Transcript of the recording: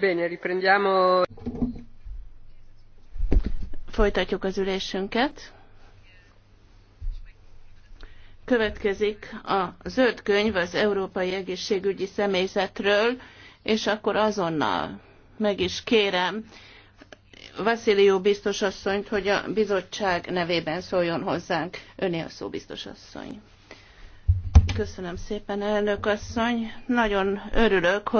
Bene, riprendiamo. Folytatjuk az ülésünket. Következik a zöld könyv az Európai Egészségügyi Személyzetről, és akkor azonnal meg is kérem Vaszilió biztos asszonyt, hogy a bizottság nevében szóljon hozzánk. Öné a szó, biztos asszony. Köszönöm szépen, elnök asszony. Nagyon örülök, hogy